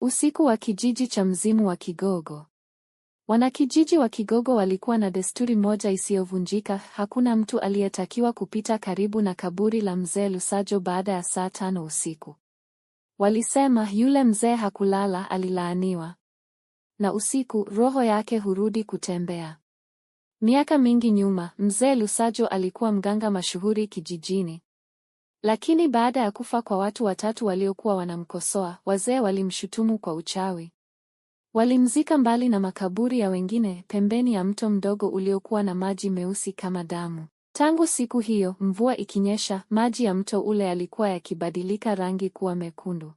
Usiku wa kijiji cha mzimu wa Kigogo. Wanakijiji wa Kigogo walikuwa na desturi moja isiyovunjika, hakuna mtu aliyetakiwa kupita karibu na kaburi la mzee Lusajo baada ya saa tano usiku. Walisema yule mzee hakulala, alilaaniwa. Na usiku roho yake hurudi kutembea. Miaka mingi nyuma, mzee Lusajo alikuwa mganga mashuhuri kijijini. Lakini baada ya kufa kwa watu watatu waliokuwa wanamkosoa, wazee walimshutumu kwa uchawi. Walimzika mbali na makaburi ya wengine, pembeni ya mto mdogo uliokuwa na maji meusi kama damu. Tangu siku hiyo, mvua ikinyesha, maji ya mto ule yalikuwa yakibadilika rangi kuwa mekundu.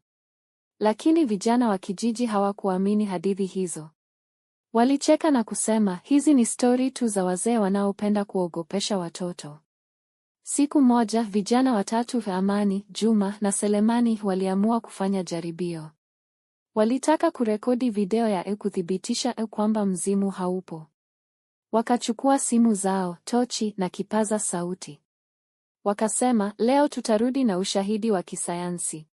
Lakini vijana wa kijiji hawakuamini hadithi hizo. Walicheka na kusema, hizi ni stori tu za wazee wanaopenda kuogopesha watoto. Siku moja vijana watatu Amani, Juma na Selemani waliamua kufanya jaribio. Walitaka kurekodi video ya e kuthibitisha e kwamba mzimu haupo. Wakachukua simu zao, tochi na kipaza sauti. Wakasema, leo tutarudi na ushahidi wa kisayansi.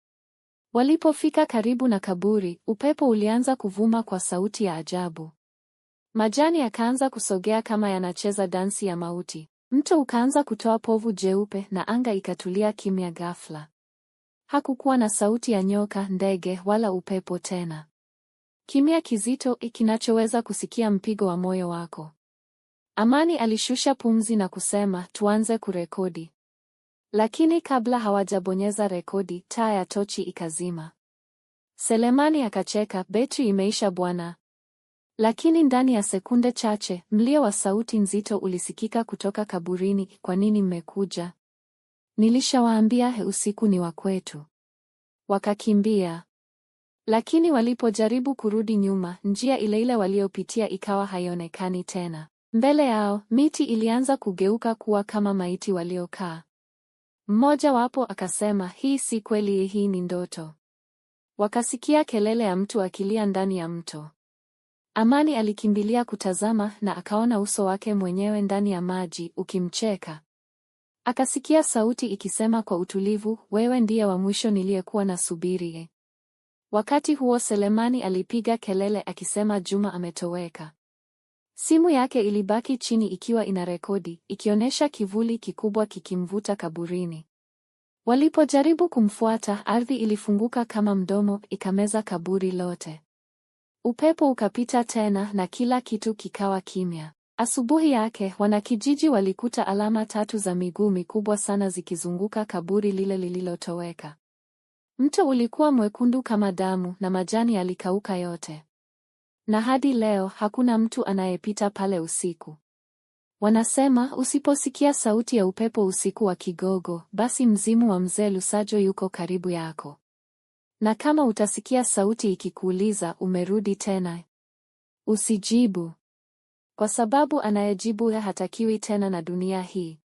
Walipofika karibu na kaburi, upepo ulianza kuvuma kwa sauti ya ajabu. Majani yakaanza kusogea kama yanacheza dansi ya mauti. Mto ukaanza kutoa povu jeupe na anga ikatulia kimya ghafla. Hakukuwa na sauti ya nyoka, ndege wala upepo tena. Kimya kizito kinachoweza kusikia mpigo wa moyo wako. Amani alishusha pumzi na kusema, tuanze kurekodi. Lakini kabla hawajabonyeza rekodi, taa ya tochi ikazima. Selemani akacheka, betri imeisha bwana. Lakini ndani ya sekunde chache mlio wa sauti nzito ulisikika kutoka kaburini. Kwa nini mmekuja? Nilishawaambia usiku ni wa kwetu. Wakakimbia, lakini walipojaribu kurudi nyuma, njia ile ile waliopitia ikawa haionekani tena. Mbele yao miti ilianza kugeuka kuwa kama maiti waliokaa. Mmoja wapo akasema, hii si kweli, hii ni ndoto. Wakasikia kelele ya mtu akilia ndani ya mto. Amani alikimbilia kutazama na akaona uso wake mwenyewe ndani ya maji ukimcheka. Akasikia sauti ikisema kwa utulivu, wewe ndiye wa mwisho niliyekuwa na subiri Wakati huo Selemani alipiga kelele akisema Juma ametoweka. Simu yake ilibaki chini ikiwa ina rekodi ikionyesha kivuli kikubwa kikimvuta kaburini. Walipojaribu kumfuata, ardhi ilifunguka kama mdomo, ikameza kaburi lote. Upepo ukapita tena na kila kitu kikawa kimya. Asubuhi yake wanakijiji walikuta alama tatu za miguu mikubwa sana zikizunguka kaburi lile lililotoweka. Mto ulikuwa mwekundu kama damu na majani yalikauka yote, na hadi leo hakuna mtu anayepita pale usiku. Wanasema usiposikia sauti ya upepo usiku wa Kigogo, basi mzimu wa mzee Lusajo yuko karibu yako. Na kama utasikia sauti ikikuuliza umerudi tena, usijibu, kwa sababu anayejibu hatakiwi tena na dunia hii.